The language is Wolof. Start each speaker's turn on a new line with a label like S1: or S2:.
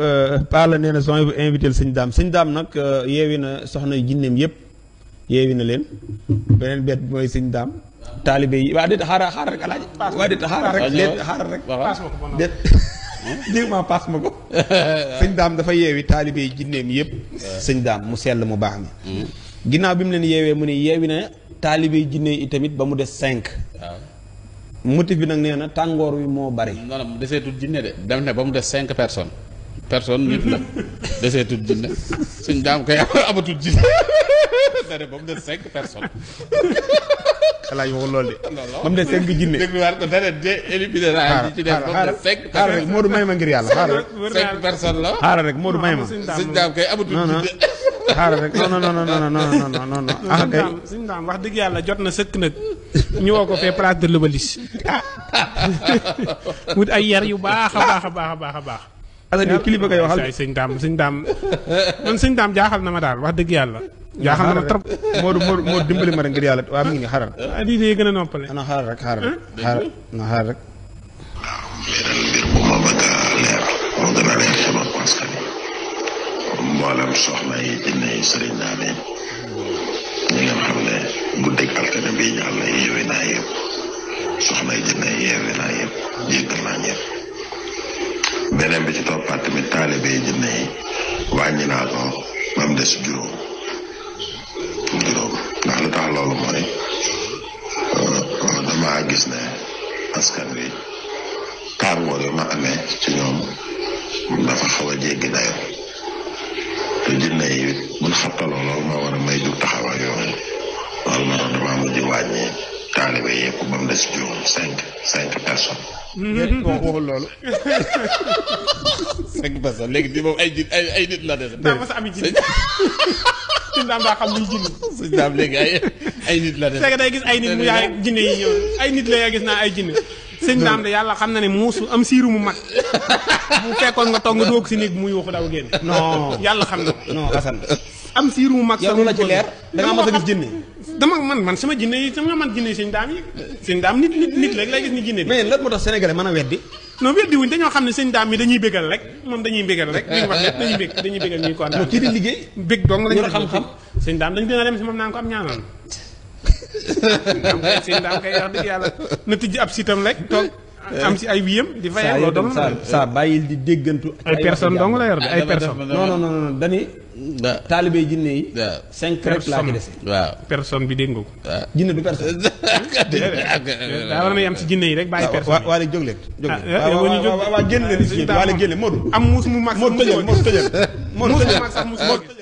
S1: Euh, Paala nee na son bu invité sëñ daam sëñ daam nag euh, yeewi na soxna yu jinneem na leen beneen bet mooy daam taalibe yi waa déet xaaral xaaral rek alaaji paas ma ko sëñ daam dafa yeewi taalibe yi jinneem yëpp sëñ daam mu sell mu baax mi mm. ginnaaw bi mu leen yeewee mu ne yeewi na taalibe yi jinne yi tamit ba mu des cinq motif bi nag nee na tàngoor wi moo bari. non non deseetul dem ne ba mu des cinq personnes. personne nit la deseetul jinne suñ daam koy amatul jinne dane ba mu des cinq personnes alaaj waxul loolu de ba mu des cinq jinne dégluwaat ko dane de éliminé naa ci def ba mu des cinq xaaral rek Modou may ma ngir yàlla xaaral cinq personnes la xaaral rek Modou may ma suñ daam koy amatul jinne xaaral rek non non non non non non non non ah kay suñ daam wax dëgg yàlla jot na sëkk nag ñu woo ko fee place de l'Obélisque wut ay yar yu baax a baax a baax a baax a baax
S2: Assane
S1: na ma daal wax dëgg yàlla. ngeen ah, xam ne guddeeg altine bii ñu àll yeewi naa yëpp soxna yi jinne yeewi naa yëpp. bi ci toppaat tamit taalibe yi jinne yi wàññi naa ko ba mu des juróom juróom ndax lu tax loolu mooy dama gis ne askan wi tàngoor yu ma amee ci ñoom dafa xaw a jéggi dayo te jinne yi buñ xattaloo loolu moo war a may jug taxawaay yooyu loolu ma doon dama mujj wàññi taalibe yëpp ba mu des juróom cinq cinq personnes. léegi moom waxul loolu. cinq personnes léegi di moom ay nit ay nit la de daa ma sa am i jinne. sëñ daam daa xam nit la def. c'est que day gis ay nit mu yaay jinne yi ñëw ay nit la yaa gis naa ay jinne. sëñ daam de yàlla xam na ne muusu am siiru mu mag. bu fekkoon nga toog nga doog si néeg muy waxu daw génn. non yàlla xam na non Assane. am siru mak sa lu la ci leer da nga ma sa gis jinne dama man man sama jinne yi sama man jinne seigne dam yi seigne dam nit nit nit rek lay gis ni jinne mais lan motax sénégalais mën a weddi no weddi wuñ dañu xam seigne dam yi dañuy bégal rek mom dañuy bégal rek ñu wax lépp dañuy bég dañuy bégal ñi ko andal ci di liggéey bég dong lañu xam xam seigne dam dañu dina dem si moom naan ko am ñaanal seigne dam kay wax dëgg yàlla na tijji ab sitam rek tok Eh. am si ay wiyam di fayal loolu doon saa saa bàyyil di déggantu. ay personnes dong la yor de ay personnes. non non non dañu. jinne yi. waaw cinq rek laa ci dese. waaw personne bi dégg nga ko. jinne du personne. daa war na yam si jinne yi rek bàyyi ah, personne bi. waaw jóg leen. jóg ah, leen waaw waaw waaw génn leen. am muus mu mag sax muus mu tëjal Modou tëjal. mu mag sax muus mu